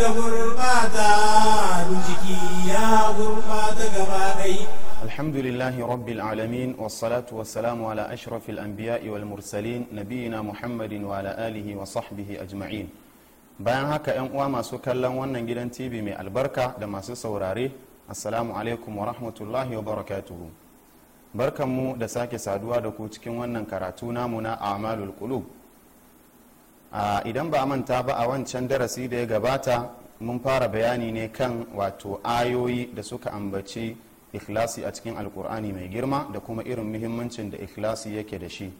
Alhamdulillahi gurbata jiki ya gurbata gaba ɗai الحمد لله رب العالمين والصلاة wa على أشرف الأنبياء والمرسلين bayan haka 'yan uwa masu kallon wannan gidan tv mai albarka da masu saurare assalamu alaikum wa rahmatullahi wa barakatuhu barkanmu da sake saduwa da ku cikin wannan karatu namu na amalul qulub idan ba manta ba a wancan darasi da ya gabata mun fara bayani ne kan wato ayoyi da suka ambaci ikhlasi a cikin alkur'ani mai girma da kuma irin muhimmancin da ikhlasi yake da shi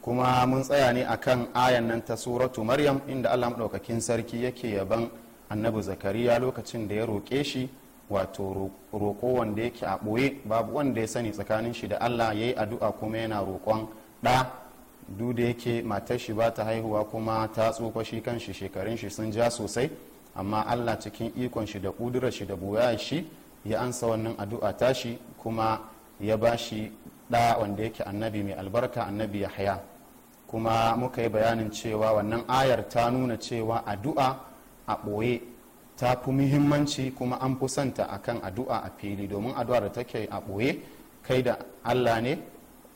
kuma mun tsaya ne akan ayan nan ta suratu maryam inda allah maɗaukakin sarki yake yaban annabi zakariya lokacin da ya roƙe shi wato roƙo wanda yake a ɓoye babu wanda ya sani tsakanin shi da allah ya yi addu'a kuma yana roƙon ɗa duk da yake matar shi ba ta haihuwa kuma ta tsufa shi kanshi shekarun shi sun ja sosai amma allah cikin ikon shi da kudurar shi da buya shi ya ansa wannan addu'a ta shi kuma ya ba shi ɗa wanda yake annabi mai albarka annabi yahya kuma muka yi bayanin cewa wannan ayar ta nuna cewa addu'a a ɓoye ta fi muhimmanci kuma an fi santa akan addu'a a fili domin addu'a da take a ɓoye kai da allah ne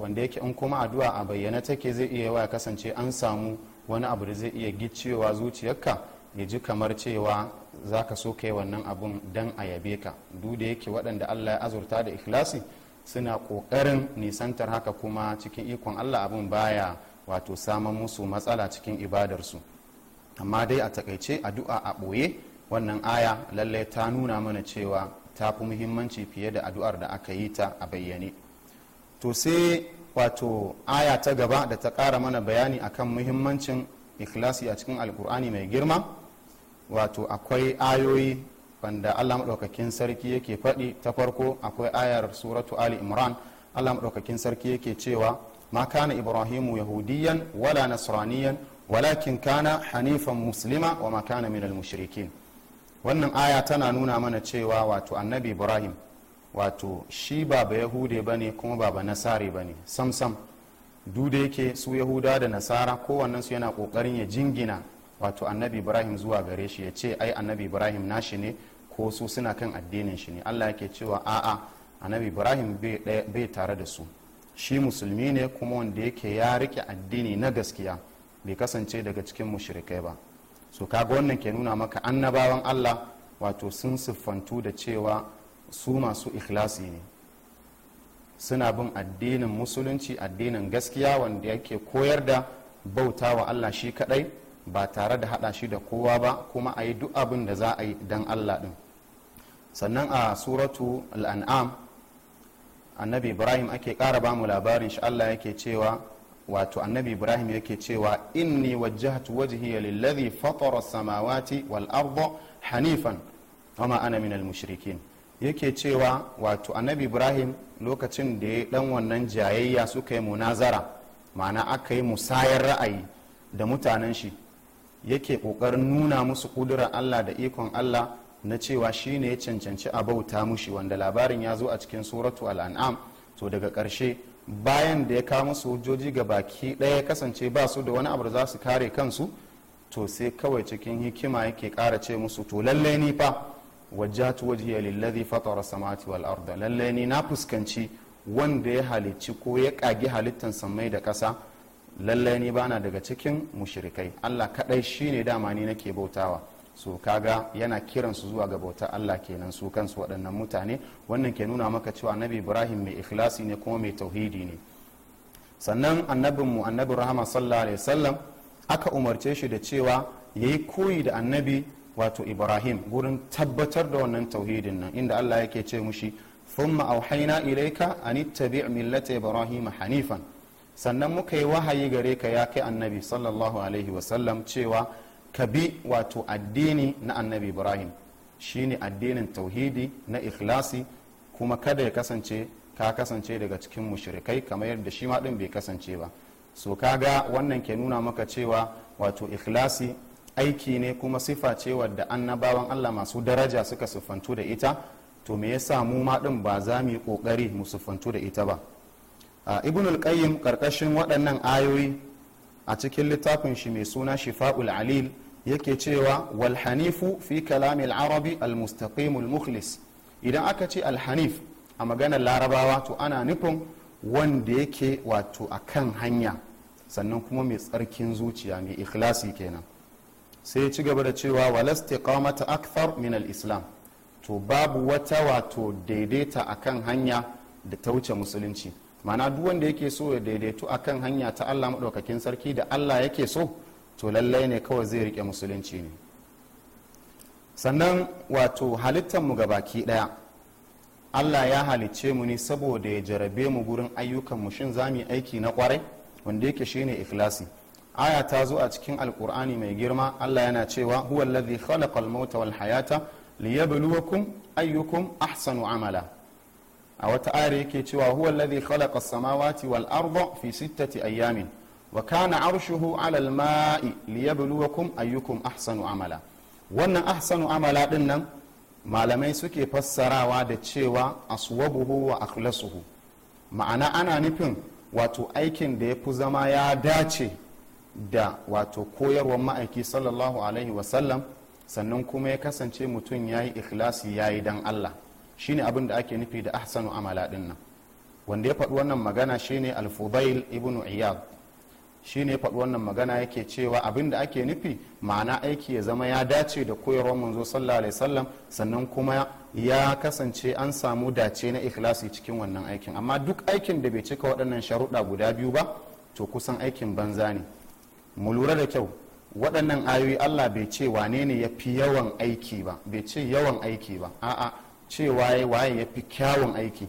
wanda yake in kuma addu'a a bayyana take zai iya yawa kasance an samu wani abu da zai iya gicewa zuciyarka ya ji kamar cewa za ka so ka yi wannan abun don a yabe ka duk da yake waɗanda allah ya azurta da ikhlasi suna ƙoƙarin nisantar haka kuma cikin ikon allah abun baya wato saman musu matsala cikin ibadarsu amma dai a takaice addu'a a ɓoye wannan aya lallai ta nuna mana cewa ta fi muhimmanci fiye da addu'ar da aka yi ta a bayyane to sai wato aya ta gaba da ta ƙara mana bayani akan muhimmancin ikhlasi a cikin alkur'ani mai girma wato akwai ayoyi wanda allah maɗaukakin sarki yake faɗi ta farko akwai ayar suratu ali imran allah maɗaukakin sarki yake cewa ma kana ibrahimu yahudiyan wala nasraniyan walakin kana hanifan muslima wa ma kana minal mushrikin wannan aya tana nuna mana cewa wato annabi ibrahim wato shi baba yahude ba ne kuma baba nasare ba ne samsam duda yake su yahuda da nasara kowannensu yana kokarin ya jingina wato annabi ibrahim zuwa gare shi ya ce ai annabi ibrahim nashi ne ko su suna kan addinin shi ne allah yake cewa a'a annabi ibrahim bai tare da su shi musulmi ne kuma wanda yake ya rike addini na gaskiya bai kasance daga cikin mushrikai ba so kaga wannan ke nuna maka annabawan allah wato sun siffantu da cewa su masu ikhlasi ne suna bin addinin musulunci addinin gaskiya wanda yake koyar da bauta wa allah shi kadai ba tare da hada shi da kowa ba kuma a yi duk abin da za a yi don allah din sannan a suratu al'an'am annabi ibrahim ake kara ba mu labarin shi allah yake cewa wato annabi ibrahim yake cewa inni wajjahtu wajhiya lillazi fatara samawati wal arda hanifan wama ana minal mushrikin yake cewa wato annabi ibrahim lokacin da ya dan wannan jayayya suka yi munazara mana aka yi musayar ra'ayi da mutanen shi yake kokarin nuna musu ƙudurar allah da ikon allah na cewa shi ne ya cancanci a bauta mushi wanda labarin ya zo a cikin suratu al'an'am to daga ƙarshe bayan da ya kawo musu hujjoji ga baki ɗaya kasance ba su da wani abu da za su kare kansu to sai kawai cikin hikima yake ƙara ce musu to lallai ni fa wajjatu wajhiya lillazi fatara samawati wal arda lalle ni na fuskanci wanda ya halicci ko ya kage halittan samai da kasa lallai ni bana daga cikin mushrikai Allah kadai shine dama ni nake bautawa so kaga yana kiran su zuwa ga bautar Allah kenan su kansu waɗannan mutane wannan ke nuna maka cewa annabi Ibrahim mai ikhlasi ne kuma mai tauhidi ne sannan annabinmu annabi rahama sallallahu alaihi wasallam aka umarce shi da cewa yayi koyi da annabi wato ibrahim gurin tabbatar da wannan tauhidin nan inda allah yake ce mushi thumma auhaina ilaika an ittabi' millata ibrahim hanifan sannan muka yi wahayi gare ka ya kai annabi sallallahu alaihi wasallam cewa ka bi wato addini na annabi ibrahim shine addinin tauhidi na ikhlasi kuma kada ya kasance ka kasance daga cikin mushrikai kamar yadda shi ma din bai kasance ba so kaga wannan ke nuna maka cewa wato ikhlasi aiki ne kuma sifa ce wadda annabawan allah masu daraja suka siffantu da ita to me yasa mu ma din ba za mu yi kokari mu siffantu da ita ba a ibn al-qayyim karkashin waɗannan ayoyi a cikin littafin shi mai suna shifa'ul alil yake cewa wal hanifu fi kalami al-arabi al-mustaqim al-mukhlis idan aka ce al-hanif a maganar larabawa to ana nufin wanda yake wato akan hanya sannan kuma mai tsarkin zuciya mai ikhlasi kenan sai ci gaba da cewa walasti qamata akthar min islam to babu wata wato daidaita akan hanya da ta wuce musulunci mana duk wanda yake so ya daidaitu akan hanya ta Allah maɗaukakin sarki da Allah yake so to lallai ne kawai zai rike musulunci ne sannan wato halittar mu baki ɗaya Allah ya halicce mu ne saboda ya jarabe mu gurin ayyukan mu shin za mu yi aiki na kwarai wanda yake shine ikhlasi aya ta zo a cikin alkur'ani mai girma allah yana cewa huwa alladhi khalaqa al-mauta wal hayata liyabluwakum ayyukum ahsanu amala a wata ayar yake cewa huwa alladhi khalaqa as-samawati wal arda fi sittati ayamin wa kana arshuhu ala al-ma'i liyabluwakum ayyukum ahsanu amala wannan ahsanu amala din nan malamai suke fassarawa da cewa aswabuhu wa akhlasuhu ma'ana ana nufin wato aikin da ya fi zama ya dace da wato koyarwar ma'aiki sallallahu alaihi wasallam sannan kuma ya kasance mutum ya yi ikhlasi ya yi don allah shi ne abin da ake nufi da ahsanu amala din nan wanda ya faɗi wannan magana shine ne alfubail ibnu iyad ne ya faɗi wannan magana yake cewa abin da ake nufi ma'ana aiki ya zama ya dace da koyarwar manzo sallallahu alaihi wasallam sannan kuma ya kasance an samu dace na ikhlasi cikin wannan aikin amma duk aikin da bai cika waɗannan sharuɗa guda biyu ba to kusan aikin banza ne mu lura da kyau waɗannan ayoyi allah bai ce wane ne ya fi yawan aiki ba bai ce yawan aiki ba a'a ce waye waye ya fi kyawun aiki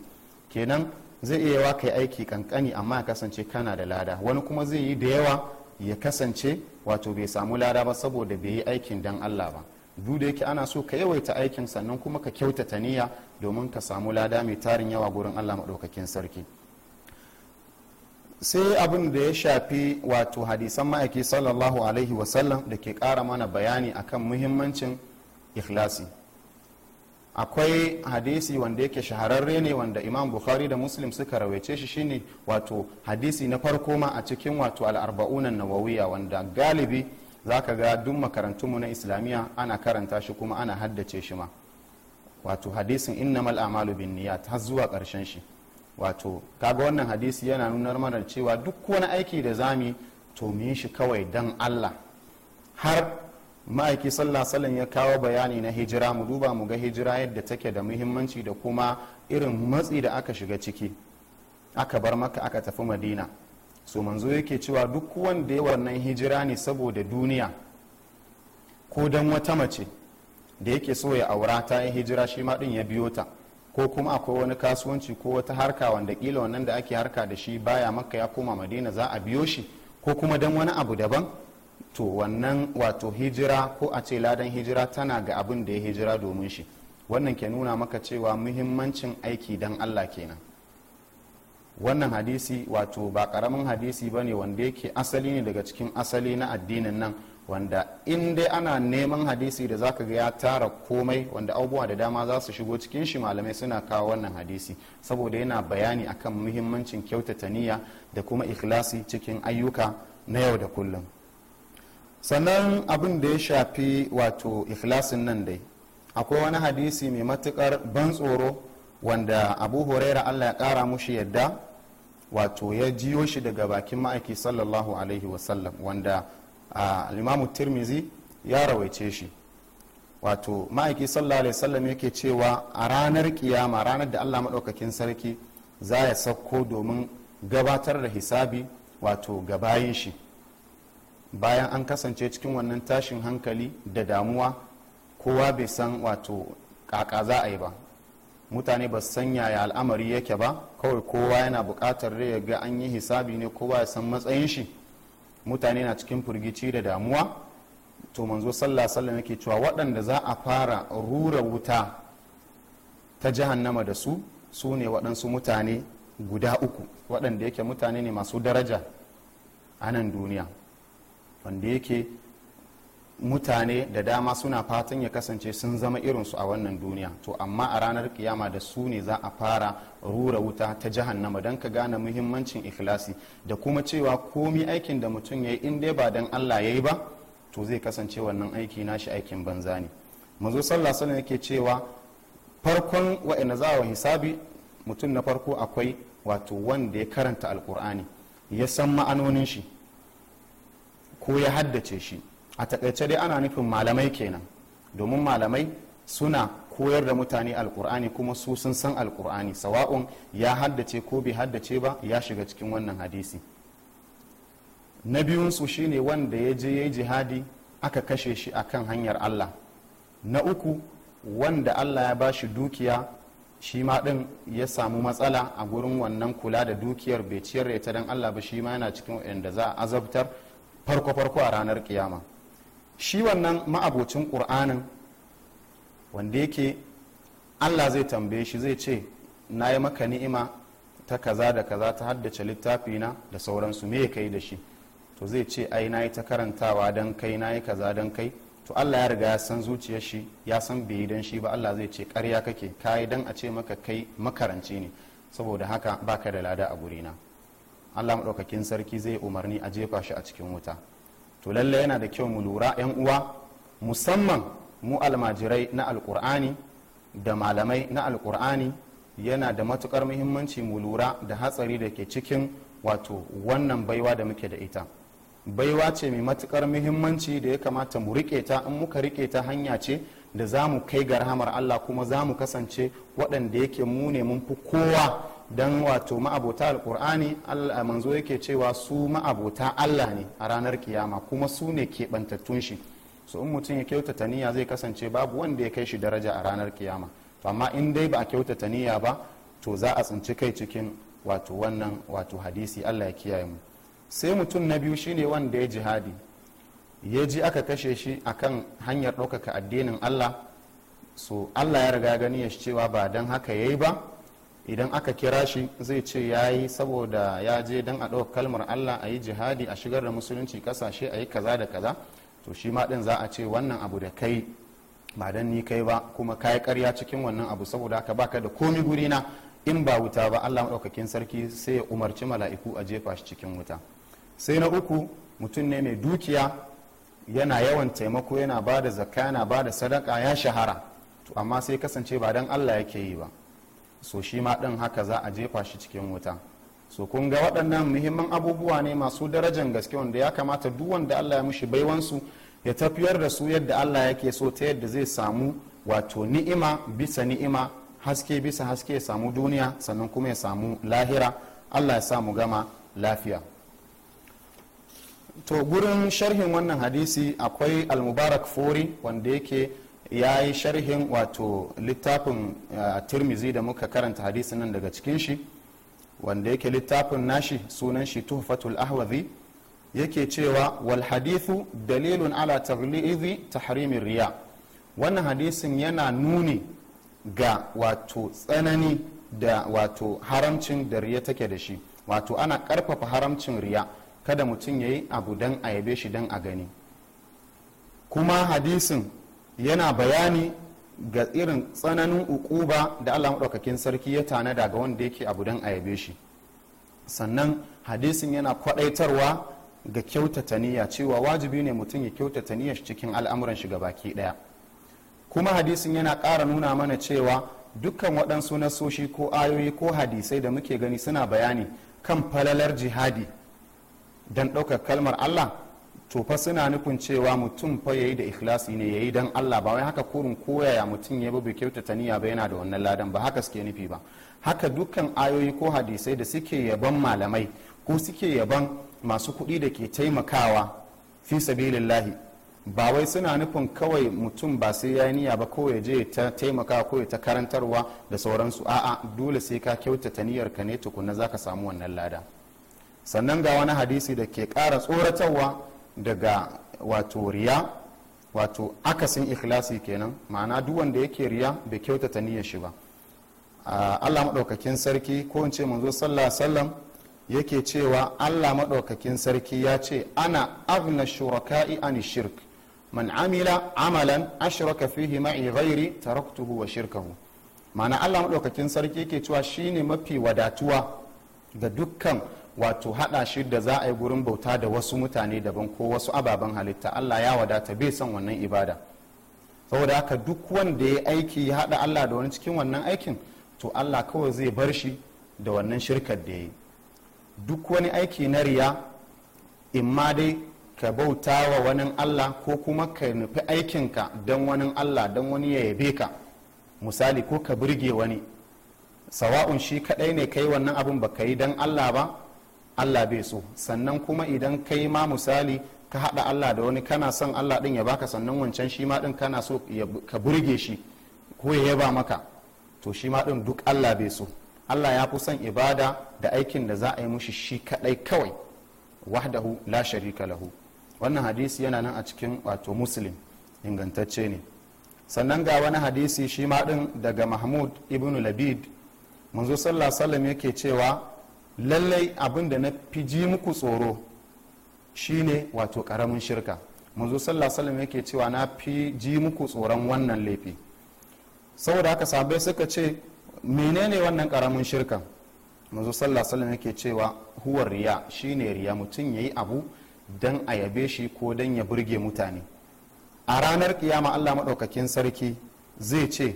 kenan zai iya yawa kai aiki kankani amma ya kasance kana da lada wani kuma zai yi da yawa ya kasance wato bai samu lada ba saboda bai yi aikin dan allah ba duk da yake ana so ka yawaita aikin sannan kuma ka kyautata niyya domin ka samu lada mai tarin yawa gurin allah maɗaukakin sarki sai abin da ya shafi wato hadisan ma'aiki sallallahu alaihi wasallam da ke kara mana bayani akan muhimmancin ikhlasi akwai hadisi wanda yake shahararre ne wanda imam bukhari da muslim suka rawaice shi shine wato hadisi na farko ma a cikin wato al'arba'unan nawawiya wanda galibi za ka ga duk makarantunmu na islamiyya ana karanta shi kuma ana haddace shi ma wato hadisin innamal amalu bin niyat har zuwa ƙarshen shi wato kaga wannan hadisi yana nunar mana cewa duk wani aiki da zami to mu yi shi kawai dan Allah har ma'aiki sallah-sallan ya kawo bayani na hijira mu duba mu ga hijira yadda take da muhimmanci da kuma irin matsi da aka shiga ciki aka bar maka aka tafi madina so manzo yake cewa duk wanda ya wannan hijira ne saboda duniya ko dan wata mace da yake so ya aura ta yi hijira shi ma din ya biyo ta ko kuma akwai wani kasuwanci ko wata harka wanda kila wannan da ake harka da shi baya maka ya koma madina za a biyo shi ko kuma dan wani abu daban to wannan wato hijira ko a ce ladan hijira tana ga abin da ya hijira domin shi wannan ke nuna maka cewa muhimmancin aiki dan allah kenan wannan hadisi wato ba karamin hadisi ba ne wanda yake asali ne daga cikin asali na addinin nan wanda in dai ana neman hadisi da zaka ga ya tara komai wanda abubuwa da dama za su shigo cikin shi malamai suna kawo wannan hadisi saboda yana bayani akan muhimmancin kyautata niyya da kuma ikhlasi cikin ayyuka na yau da kullum sannan abin da ya shafi wato ikhlasin nan dai akwai wani hadisi mai matukar ban tsoro wanda abu huraira allah ya kara mushi yadda wato ya jiyo shi daga bakin ma'aiki sallallahu alaihi wasallam wanda a limamu tirmizi ya rawaice shi wato ma'aiki sallallahu alaihi wasallam yake cewa a ranar kiyama ranar da allah maɗaukakin sarki za ya sauko domin gabatar da hisabi wato gabayin shi bayan an kasance cikin wannan tashin hankali da damuwa kowa bai san wato kaka za a yi ba mutane ba san yaya al'amari yake ba kawai kowa yana buƙatar ya ga an yi hisabi ne kowa ya san matsayin shi mutane na cikin firgici da damuwa to manzo sallah sallah yake cewa waɗanda za a fara rura wuta ta jahannama da su su ne waɗansu mutane guda uku waɗanda yake mutane ne masu daraja a nan duniya wanda yake mutane da dama suna fatan ya kasance sun zama irinsu a wannan duniya to amma a ranar kiyama da su ne za a fara rura wuta ta jahannama don ka gane muhimmancin ikhlasi da kuma cewa komi aikin da mutum ya yi inda ba don allah ya yi ba to zai kasance wannan aiki nashi aikin banza ne mazo sallah sallah yake cewa farkon wa'ina za wa hisabi mutum na farko akwai wato wanda ya karanta alkur'ani ya san ma'anonin shi ko ya haddace shi a takaice dai ana nufin malamai kenan domin malamai suna koyar da mutane alkur'ani kuma su sun san alkur'ani sawa'un ya haddace ko bai haddace ba ya shiga cikin wannan hadisi na biyunsu shine wanda ya je ya jihadi aka kashe shi a kan hanyar allah na uku wanda allah ya bashi dukiya shi ma ɗin ya samu matsala a gurin wannan kula da dukiyar bai ciyar da ita don allah ba shi ma yana cikin wanda za a azabtar farko-farko a ranar kiyama shi wannan ma'abocin ƙur'anin wanda yake allah zai tambaye shi zai ce na yi maka ni'ima ta kaza da kaza ta haddace littafina da sauransu me kai da shi to zai ce ai na yi ta karantawa don kai na yi kaza don kai to allah ya riga ya san zuciyar shi ya san bai yi don shi ba allah zai ce karya kake ka yi don a ce maka kai makaranci ne saboda haka baka da lada a gurina allah maɗaukakin sarki zai umarni a jefa shi a cikin wuta to lalle yana da kyau mu lura 'yan uwa musamman mu almajirai na alkur'ani da malamai na alkur'ani yana da matukar muhimmanci mu lura da hatsari da ke cikin wato wannan baiwa da muke da ita baiwa ce mai matukar muhimmanci da ya kamata mu rike ta in muka rike ta hanya ce da za mu kai ga rahamar allah kuma za mu kasance waɗanda yake mu ne mun fi kowa don wato ma'abota alkur'ani manzo yake cewa su ma'abota allah ne a ranar kiyama kuma su ne keɓantattun shi su in mutum ya kyautata niyya zai kasance babu wanda ya kai shi daraja a ranar kiyama to amma in dai ba a kyautata niyya ba to za a tsinci kai cikin wato wannan wato hadisi allah ya kiyaye mu sai mutum na biyu shine wanda ya jihadi ya ji aka kashe shi akan hanyar ɗaukaka addinin allah so allah ya riga gani ya shi cewa ba don haka ya yi ba idan aka kira shi zai ce ya yi saboda ya je don a ɗauka kalmar allah a yi jihadi a shigar da musulunci kasashe a yi kaza da kaza to shi ma ɗin za a ce wannan abu da kai ba don ni kai ba kuma kayi karya cikin wannan abu saboda haka baka da komi guri na in ba wuta ba allah maɗaukakin sarki sai ya umarci mala'iku a jefa shi cikin wuta sai na uku mutum ne mai dukiya yana yawan taimako yana ba da zakka yana ba da sadaka ya shahara to amma sai kasance ba don allah yake yi ba so shi ma ɗin haka za a jefa shi cikin wuta so kun ga waɗannan muhimman abubuwa ne masu darajan gaske wanda ya kamata duk wanda allah ya mushi baiwansu ya tafiyar da su yadda allah yake so ta yadda zai samu wato ni'ima bisa ni'ima haske bisa haske ya samu duniya sannan kuma ya samu lahira allah ya samu gama lafiya to gurin sharhin wannan hadisi akwai almubarak fori wanda yake ya yi sharhin wato littafin uh, tirmizi da muka karanta hadisin nan daga cikin shi wanda yake littafin nashi sunan shi tuhfatul ahwazi yake cewa wal hadithu dalilun ala ta tahrimin riya wannan hadisin yana nuni ga wato tsanani da wato haramcin da riya take da shi wato ana karfafa haramcin riya kada mutum ya yi abu don a yabe shi don a gani kuma hadisin yana bayani ga irin tsananin ukuba da allah maɗaukakin sarki ya tanada ga wanda yake abu don a yabe shi sannan hadisin yana kwaɗaitarwa ga kyautata niyya cewa wajibi ne mutum ya kyautata niyyar cikin al'amuran shi baki ɗaya kuma hadisin yana ƙara nuna mana cewa dukkan waɗansu nasoshi ko ayoyi ko hadisai da muke gani suna bayani kan falalar jihadi don ɗaukar kalmar allah to fa suna nufin cewa mutum fa yayi da ikhlasi ne yayi dan Allah ba wai haka kurin koyaya mutum ya bi kyautata niyya ba yana da wannan ladan ba haka suke nufi ba haka dukkan ayoyi ko hadisai da suke yaban malamai ko suke yaban masu kuɗi da ke taimakawa fi sabilillahi ba wai suna nufin kawai mutum ba sai ya niyya ba kawai je ta taimaka ko ta karantarwa da sauransu a'a dole sai ka kyautata niyyar ka ne tukunna zaka samu wannan ladan sannan ga wani hadisi da ke kara tsoratarwa daga wato riya wato akasin ikhlasi kenan ma'ana duk wanda yake riya bai kyautata niyyar shi ba Allah maɗaukakin sarki ko in ce manzo sallallahu alaihi yake cewa Allah maɗaukakin sarki ya ce ana abna shuraka'i an shirk man amila amalan ashraka fihi ma'i ghairi taraktuhu wa shirkahu ma'ana Allah maɗaukakin sarki yake cewa shine mafi wadatuwa da dukkan wato hada shi da za a yi gurin bauta da wasu mutane daban ko wasu ababen halitta allah ya wadata bai son wannan ibada saboda haka duk wanda ya aiki ya hada allah da wani cikin wannan aikin to allah kawai zai bar shi da wannan shirkar da ya yi duk wani aiki na riya in ma dai ka bauta wa wani allah ko kuma ka nufi aikinka don wani allah don wani ya yabe ka misali ko ka burge wani sawa'un shi kadai ne kai wannan abin baka yi don allah ba allah bai so sannan kuma idan kai ma misali ka haɗa allah da wani kana son allah ɗin ya baka sannan wancan shi ma ɗin kana so ka burge shi ko ya yaba maka to shi ma ɗin duk allah bai so allah ya fi son ibada da aikin da za a yi mushi shi kaɗai kawai wahdahu la sharika lahu wannan hadisi yana nan a cikin wato muslim ingantacce ne sannan ga wani hadisi shi ma ɗin daga mahmud ibn labid manzo sallah sallam yake cewa lallai abin da na fi ji muku tsoro shine wato karamin shirka manzo sallallahu alaihi yake cewa na fi ji muku tsoron wannan laifi saboda haka sabai suka ce menene wannan karamin shirka manzo sallallahu alaihi yake cewa huwar riya shine riya mutum ya yi abu dan a yabe shi ko dan ya burge mutane a ranar kiyama Allah maɗaukakin sarki zai ce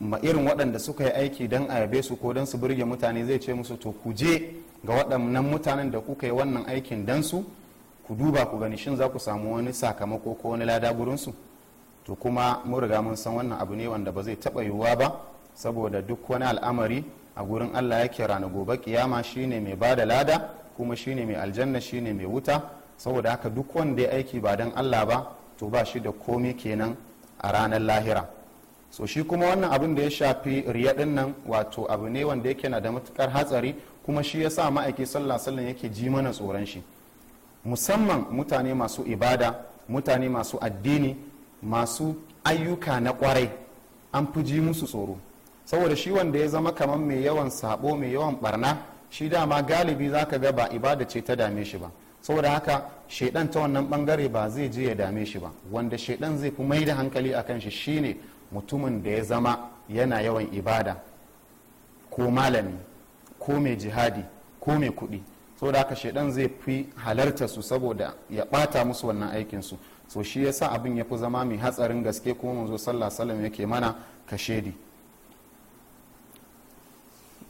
ma irin waɗanda suka yi aiki don a yabe su ko don su burge mutane zai ce musu to ku je ga waɗannan mutanen da kuka yi wannan aikin don su ku duba ku gani shin za ku samu wani sakamako ko wani lada gurinsu to kuma mun riga mun san wannan abu ne wanda ba zai taɓa yiwuwa ba saboda duk wani al'amari a gurin allah yake rana gobe kiyama shine mai ba da lada kuma shine mai aljanna shine mai wuta saboda haka duk wanda ya aiki ba don allah ba to ba shi da komi kenan a ranar lahira so shi kuma wannan abin da ya shafi riya din nan wato abu ne wanda yake na da matukar hatsari kuma shi ya sa ma'aiki sallah sallah yake ji mana tsoron shi musamman mutane masu ibada mutane masu addini masu ayyuka na kwarai an fi ji musu tsoro saboda shi wanda ya zama kamar mai yawan sabo mai yawan barna shi dama galibi za ka ga ba ibada ce ta dame shi ba saboda haka shaidan ta wannan bangare ba zai je ya dame shi ba wanda shaidan zai fi mai da hankali a kan shi shine mutumin da ya zama yana yawan ibada ko malami ko mai jihadi ko mai kuɗi da haka shaidan zai fi halarta su saboda ya ɓata musu wannan aikinsu so shi yasa abin ya fi zama mai hatsarin gaske mun manzo sallah salam yake mana kashedi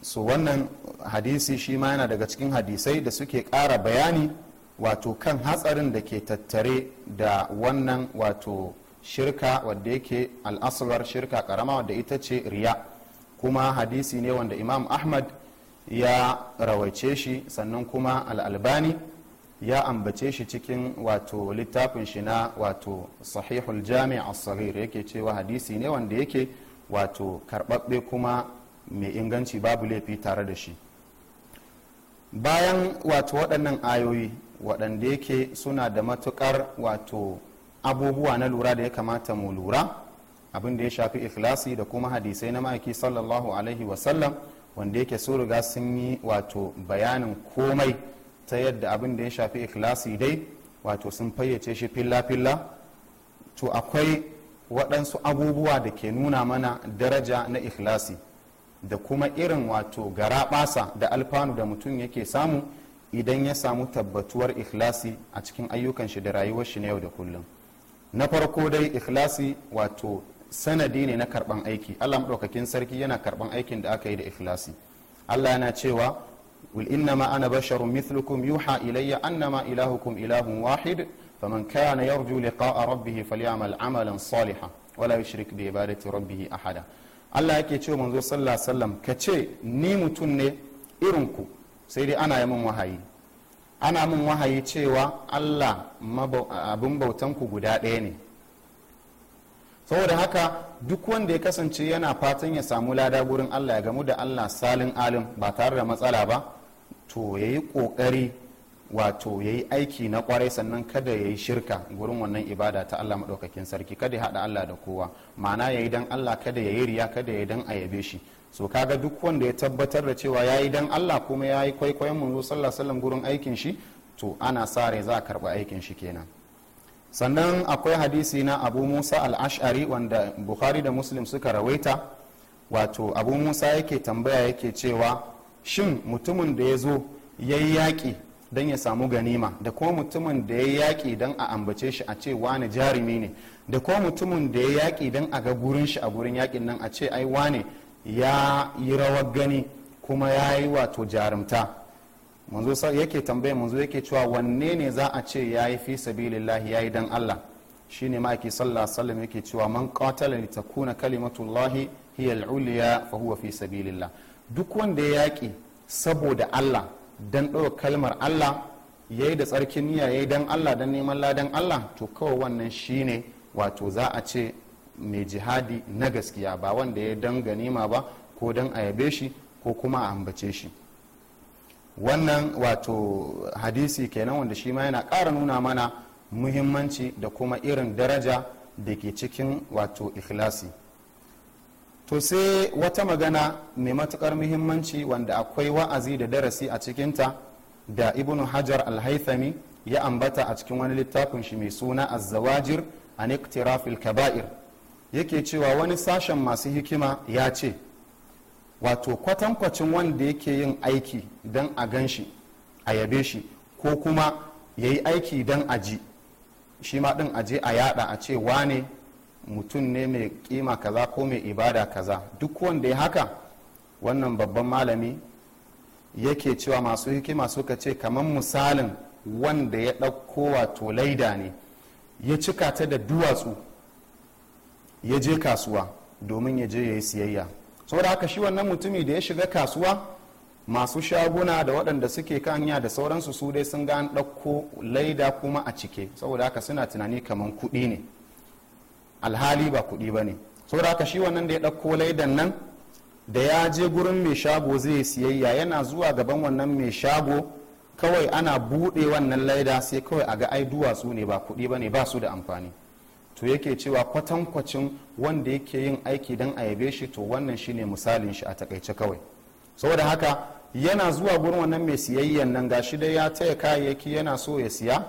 so wannan hadisi shi ma yana daga cikin hadisai da suke ƙara bayani wato kan hatsarin da ke tattare da wannan wato shirka wadda yake al'asuwar shirka karama wadda ita ce riya kuma hadisi ne wanda imam ahmad ya rawaice shi sannan kuma al'albani ya ambace shi cikin wato littafin shi na wato sahihul jami a yake cewa hadisi ne wanda yake wato karbabbe kuma mai inganci babu laifi tare da shi bayan wato waɗannan ayoyi waɗanda yake suna da matuƙar wato abubuwa na lura da ya kamata mu lura abin da ya shafi ikhlasi da kuma hadisai na ma'aiki sallallahu alaihi wasallam wanda yake so riga sun yi wato bayanin komai ta yadda abin da ya shafi ikhlasi dai wato sun fayyace shi filla-filla to akwai waɗansu abubuwa da ke nuna mana daraja na ikhlasi da kuma irin wato garaɓasa da alfanu da mutum yake samu idan ya samu tabbatuwar ikhlasi a cikin ayyukan shi da rayuwar shi na yau da kullum na farko dai ikhlasi wato sanadi ne na karban aiki allah maɗaukakin sarki yana karban aikin da aka yi da ikhlasi allah yana cewa wil inna ma ana basharun mithlukum yuha ilayya annama ilahukum ilahun wahid faman kana yarju liqa'a rabbihi falyamal amalan salihan wala yushrik bi ibadati rabbih ahada allah yake cewa manzo sallallahu alaihi wasallam kace ni mutun ne irin ku sai dai ana yi min wahayi ana min wahayi cewa allah abin bautanku guda ɗaya ne saboda haka duk wanda ya kasance yana fatan ya samu lada gurin allah ya gamu da allah salin alin ba tare da matsala ba to ya yi ƙoƙari wato ya yi aiki na kwarai sannan kada ya yi shirka gurin wannan ibada ta Allah maɗaukakin sarki kada ya haɗa Allah da kowa ma'ana ya yi don Allah kada ya yi riya kada ya yi don a yabe shi so kaga duk wanda ya tabbatar da cewa ya yi don Allah kuma ya yi kwaikwayon manzo sallallahu alaihi gurin aikin shi to ana sa rai za a karɓi aikin shi kenan sannan akwai hadisi na abu musa al-ash'ari wanda bukhari da muslim suka rawaita wato abu musa yake tambaya yake cewa shin mutumin da ya zo ya yi yaƙi don ya samu ganima da kuma mutumin da ya yaƙi don a ambace shi a ce wane jarumi ne da kuma mutumin da ya yaƙi don a ga gurin shi a gurin yaƙin nan a ce ai wane ya yi rawar gani kuma ya yi wato jarumta manzo yake tambaya manzo yake cewa wanne ne za a ce ya yi fi sabilillahi ya yi don allah shi shine ma'aiki sallallahu alaihi yake cewa man qatala li takuna kalimatullahi hiya al-ulya fa huwa fi sabilillah duk wanda ya yaƙi saboda allah dan ɗaukar kalmar allah ya yi da tsarkin niyya ya yi dan allah dan neman ladan allah to kawai wannan shi ne wato za a ce mai jihadi na gaskiya ba wanda ya dan ganima ba ko dan a yabe shi ko kuma a ambace shi wannan wato hadisi kenan wanda shi ma yana ƙara nuna mana muhimmanci da kuma irin daraja da ke cikin wato ikhlasi to sai wata magana mai matukar muhimmanci wanda akwai wa'azi da darasi a cikinta da ibn hajar alhaithami ya ambata a cikin wani littafin shi mai suna azzawajir a niktirafil kaba'ir yake cewa wani sashen masu hikima ya ce wato kwatankwacin wanda yake yin aiki don a gan shi a yabe shi ko kuma ya yi aiki don a ji shi ma din je a yada a ce wane mutum ne mai kima kaza ko mai ibada kaza duk wanda ya haka wannan babban malami yake cewa masu hikima suka ce kamar misalin wanda ya ɗauko wato laida ne ya cika ta da duwatsu ya je kasuwa domin ya je ya yi siyayya saboda haka shi wannan mutumi da ya shiga kasuwa masu shaguna da waɗanda suke kan kanya da sauransu su dai sun ga an ɗauko laida kuma a cike saboda haka suna tunani kamar kuɗi ne alhali ba kuɗi ba ne saboda haka shi wannan da ya ɗauko laidan nan da ya je gurin mai shago zai siyayya yana zuwa gaban wannan mai shago kawai ana buɗe wannan laida sai kawai a ga ai duwatsu ne ba kuɗi ba ne ba su da amfani to yake cewa kwatankwacin wanda yake yin aiki don a yabe shi to wannan shine misalin shi a takaice kawai saboda haka yana zuwa gurin wannan mai siyayyan nan ga shi dai ya taya kayayyaki yana so ya siya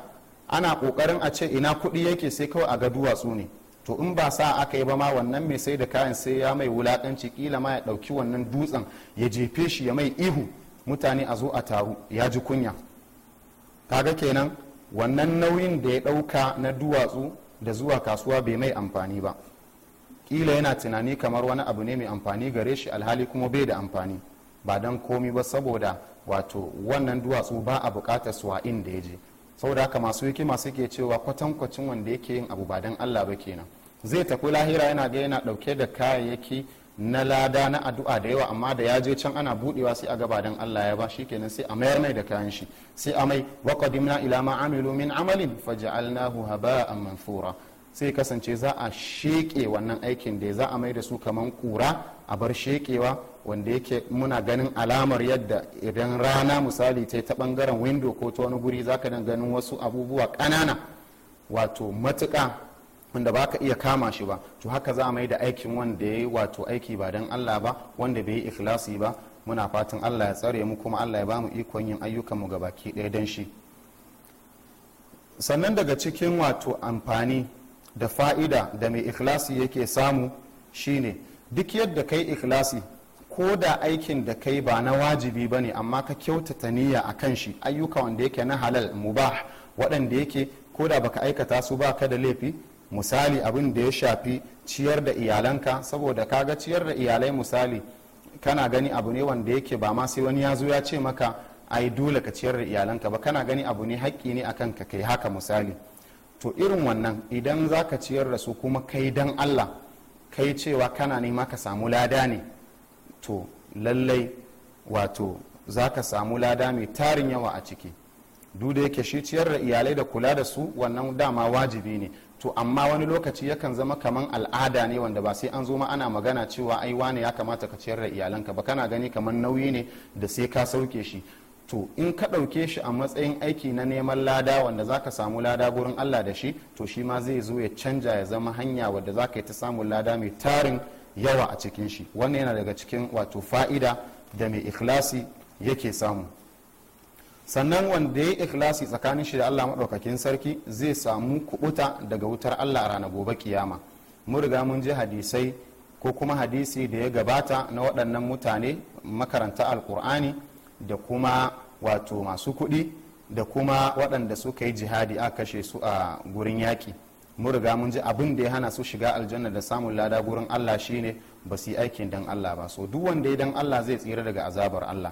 ana kokarin a ce ina kuɗi yake sai kawai a ga duwatsu ne to in ba sa aka yi ba ma wannan mai sai da kayan sai ya mai wulakanci kila ma ya ɗauki wannan dutsen ya jefe shi ya mai ihu mutane a zo a taru ya ji kunya kaga kenan wannan nauyin da ya ɗauka na duwatsu da zuwa kasuwa bai mai amfani ba kila yana tunani kamar wani abu ne mai amfani gare shi alhali kuma bai da amfani ba don komi ba saboda wato wannan duwatsu ba a bukatar su da inda ya je saboda haka masu masu yake cewa kwatankwacin wanda yake yin abu ba dan Allah ba kenan zai tafi lahira yana ga yana dauke da kayayyaki na lada na addu'a da yawa amma da ya je can ana budewa sai a gaba dan Allah ya ba shi kenan sai a mayar mai da kayan shi sai a mai wa qadimna ila ma amilu min amalin faj'alnahu haba'an manthura sai kasance za a sheƙe wannan aikin da za a mai da su kaman kura a bar shekewa wanda yake muna ganin alamar yadda idan rana misali ta ta bangaren window ko ta wani guri zaka dan ganin wasu abubuwa kanana wato matuƙa wanda ba ka iya kama shi ba to haka za a mai da aikin wanda ya yi wato aiki ba don allah ba wanda bai yi ikhlasi ba muna fatan allah ya tsare mu kuma allah ya ba mu ikon yin ayyukan mu ke ɗaya don shi sannan daga cikin wato amfani da fa'ida da mai ikhlasi yake samu shine duk yadda kai ikilasi ko da aikin da kai ba na wajibi ba ne amma ka kyautata niyya a kan shi ayyuka wanda yake na halal mu ba waɗanda yake ko da baka aikata su ba ka da laifi misali abin da ya shafi ciyar da iyalanka saboda kaga ciyar da iyalai misali kana gani abu ne wanda yake ba ma sai wani ya zo ya ce maka ai dole ka ciyar da iyalanka ba kana gani abu ne haƙƙi ne akan ka kai haka misali to irin wannan idan za ka ciyar da su kuma kai dan allah kai cewa kana nema ka samu lada ne to lallai wato za ka samu lada mai tarin yawa a ciki duk da yake shi ciyar da iyalai da kula da su wannan dama wajibi ne to amma wani lokaci yakan zama kaman al'ada ne wanda ba sai an zo ma ana magana cewa aiwa ne ya kamata ka ciyar da iyalanka ba kana gani kamar nauyi ne da sai ka sauke shi to in ka ɗauke shi a matsayin aiki na neman lada wanda za ka samu lada gurin allah da shi to shi ma zai zo ya canja ya zama hanya wadda za ka yi ta samun lada mai tarin yawa a cikin shi wannan yana daga cikin wato fa'ida da mai ikhlasi yake samu sannan wanda ya yi ikhlasi tsakanin shi da allah maɗaukakin sarki zai samu kubuta daga wutar allah a rana gobe kiyama mun riga mun je hadisai ko kuma hadisi da ya gabata na waɗannan mutane makaranta alkur'ani da kuma wato masu kuɗi da kuma waɗanda suka yi jihadi a kashe su a gurin yaƙi mu riga mun ji abin da ya hana su shiga aljanna da samun lada gurin allah shine ba su yi aikin dan allah ba so duk wanda ya dan allah zai tsira daga azabar allah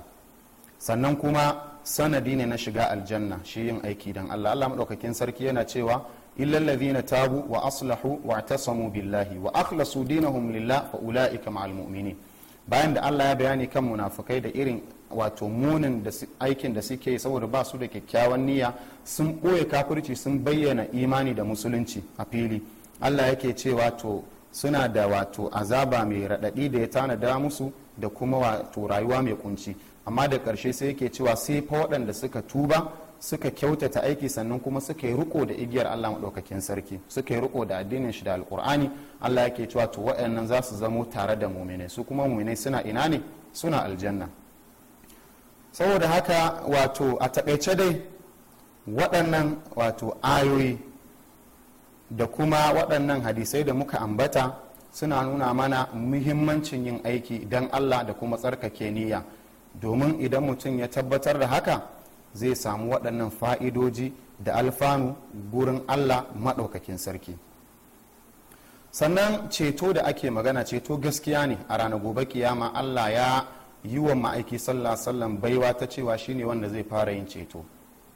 sannan kuma sanadi ne na shiga aljanna shi yin aiki dan allah allah maɗaukakin sarki yana cewa illal ladhina tabu wa aslahu wa tasamu billahi wa akhlasu dinahum lillah fa ulaika ma'al mu'minin bayan da allah ya bayani kan munafukai da irin wato munin aikin da suke saboda ba su da kyakkyawan niyya sun ɓoye kafirci sun bayyana imani da musulunci a fili allah yake cewa wato suna da wato azaba mai raɗaɗi da ya tanada musu da kuma wato rayuwa mai kunci amma da ƙarshe sai yake cewa sai fa waɗanda suka tuba suka kyautata aiki sannan kuma suka yi riko da igiyar Allah maɗaukakin sarki suka yi riko da addinin shi da alkur'ani Allah yake cewa to waɗannan za su zamo tare da muminai su kuma muminai suna ina ne suna aljanna saboda haka wato a taƙaice dai waɗannan wato ayoyi da kuma waɗannan hadisai da muka ambata suna nuna mana muhimmancin yin aiki don Allah da kuma tsarkake niyya domin idan mutum ya tabbatar da haka zai samu waɗannan fa'idoji da alfanu gurin allah maɗaukakin sarki sannan ceto da ake magana ceto gaskiya ne a ranar gobe kiyama allah ya yi wa ma'aiki sallah sallan baiwa ta cewa shi ne wanda zai fara yin ceto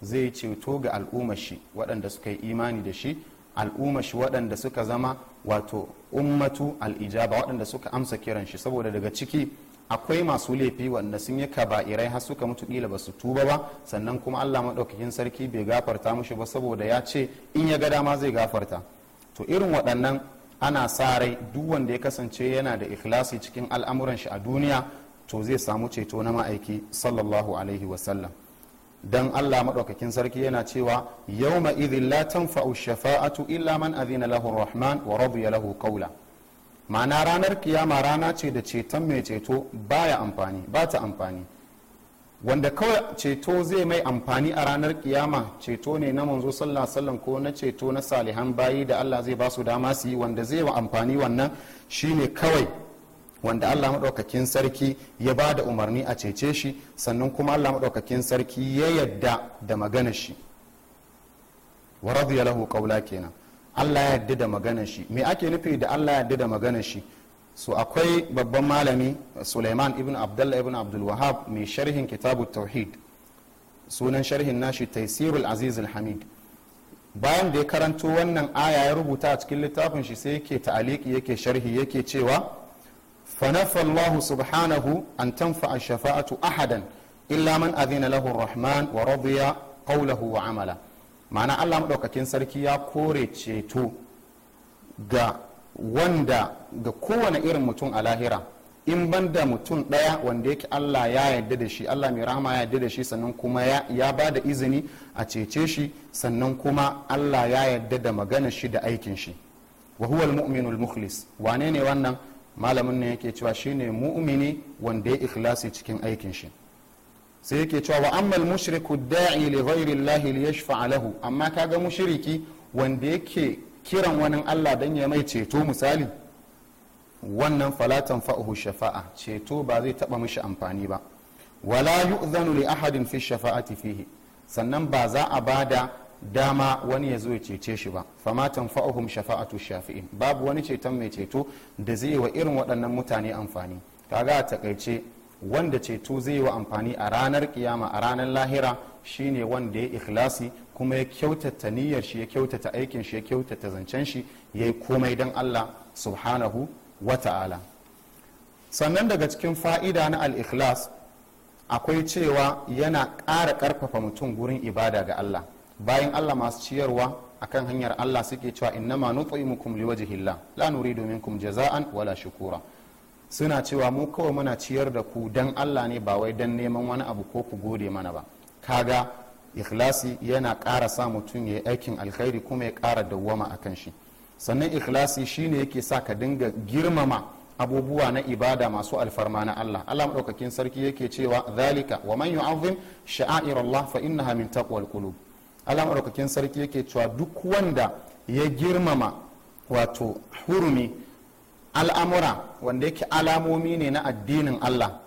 zai ceto ga al'ummar shi waɗanda suka yi imani da shi al'ummar shi waɗanda suka zama wato ummatu al'ijaba waɗanda suka amsa kiran shi saboda daga ciki akwai masu laifi wanda sun yi irai har suka mutu kila ba su tuba ba sannan kuma allah maɗaukakin sarki bai gafarta mushi ba saboda ya ce in ya ga dama zai gafarta to irin waɗannan ana sa rai duk wanda ya kasance yana da ikhlasi cikin al'amuran shi a duniya to zai samu ceto na ma'aiki sallallahu alaihi wasallam dan allah maɗaukakin sarki yana cewa yawma idhin la tanfa'u shafa'atu illa man adhina lahu rahman wa radiya lahu qawla ma'ana ranar kiyama rana ce da ceton mai ceto baya amfani ba ta amfani wanda kawai ceto zai mai amfani a ranar kiyama ceto ne na manzo sallan ko na ceto na salihan bayi da Allah zai ba su dama su yi wanda zai wa amfani wannan shine kawai wanda Allah maɗaukakin sarki ya ba da umarni a cece shi sannan kuma Allah maɗaukakin sarki ya yadda da magana shi wa radiya lahu qawla kenan allah ya yarda da maganar shi me ake nufi da allah ya yarda da maganar shi so akwai babban malami suleiman ibn abdullah ibn abdul mai sharhin kitabu tauhid sunan sharhin nashi taisirul aziz hamid bayan da ya karanto wannan aya ya rubuta a cikin littafin shi sai yake ta'aliki yake sharhi yake cewa fanafa allah subhanahu an tanfa shafa'atu ahadan illa man adhina lahu rahman wa radiya qawluhu wa amala ma'ana allah maɗaukakin sarki ya kore ceto ga wanda ga kowane irin mutum a lahira in ban da mutum ɗaya wanda yake allah ya yarda da shi allah mai rahama ya yarda da shi sannan kuma ya ba da izini a cece shi sannan kuma allah ya yarda da magana shi da aikin shi wa huwa al mukhlis wane ne wannan malamin ne yake cewa shine mu'mini wanda ya ikhlasi cikin aikin shi sai yake cewa wa ammal mushriku da'i li ghairi Allah li yashfa'a lahu amma kaga mushriki wanda yake kiran wani Allah dan ya mai ceto misali wannan falatan fa'uhu shafa'a ceto ba zai taba mishi amfani ba wala yu'zanu li ahadin fi shafa'ati fihi sannan ba za a bada dama wani ya zo ya cece shi ba famatan fa'uhum shafa'atu shafi'in babu wani ceton mai ceto da zai wa irin waɗannan mutane amfani kaga a takaice wanda ceto zai wa amfani a ranar kiyama a ranar lahira shine wanda ya ikhlasi kuma ya kyautata niyyar shi ya kyautata aikin shi ya kyautata zancen shi ya yi komai don allah subhanahu wa ta'ala sannan daga cikin fa'ida na al-ikhlas akwai cewa yana ƙara ƙarfafa mutum gurin ibada ga allah bayan allah masu ciyarwa akan hanyar allah suke cewa inna innama nut'imukum liwajhillah la nuridu minkum jaza'an wala shukura suna cewa mu kawai muna ciyar da ku dan allah ne ba wai dan neman wani abu ko ku gode mana ba kaga ikhlasi yana ƙara sa mutum ya yi aikin alkhairi kuma ya ƙara dawwama a kan shi sannan ikhlasi shine yake sa ka dinga girmama abubuwa na ibada masu alfarma na Allah Allah madaukakin sarki yake cewa zalika wa man yu'azzim sha'air Allah fa innaha min taqwal qulub Allah madaukakin sarki yake cewa duk wanda ya girmama wato hurumi al'amura wanda yake alamomi ne na addinin Allah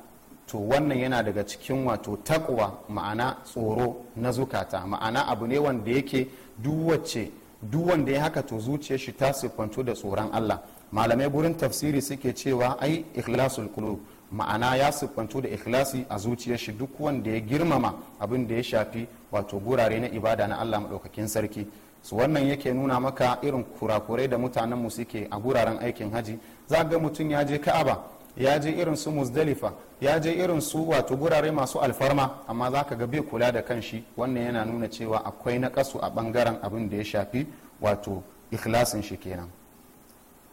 to wannan yana daga cikin wato takwa ma'ana tsoro na zukata ma'ana abu ne wanda yake duwace duk wanda ya haka to zuciyar shi ta siffantu da tsoron Allah malamai gurin tafsiri suke cewa ai ikhlasul qulub ma'ana ya siffantu da ikhlasi a zuciyar shi duk wanda ya girmama abin da ya shafi wato gurare na ibada na Allah maɗaukakin sarki su wannan yake nuna maka irin kurakurai da mutanenmu suke a guraren aikin haji za ga mutum ya je ka'aba ya je irin su muzdalifa ya je irin su wato gurare masu alfarma amma za ka ga bai kula da kan shi wannan yana nuna cewa akwai naƙasu a ɓangaren abin da ya shafi wato ikhlasin shi kenan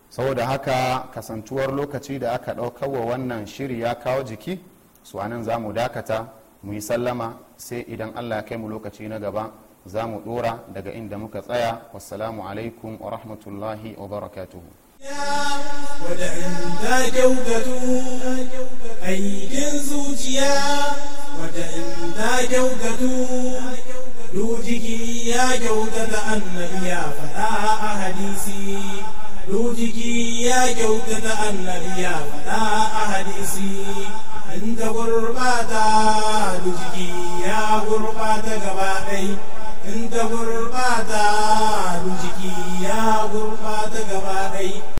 saboda haka kasantuwar lokaci da aka wa wannan shiri ya kawo jiki su anan za mu dakata mu yi sallama sai idan allah ya kai mu lokaci na gaba za mu ɗora daga inda muka tsaya wassalamu alaikum wa rahmatullahi wa barakatuhu waɗanda kyautatu aikin zuciya waɗanda kyautatu dujiki ya kyautata annabi ya faɗa a hadisi dujiki ya kyautata annabi ya faɗa a hadisi in ta gurɓata dujiki ya gurɓata gaba ɗaya in ta gurbata jiki ya gurbata gaba ɗai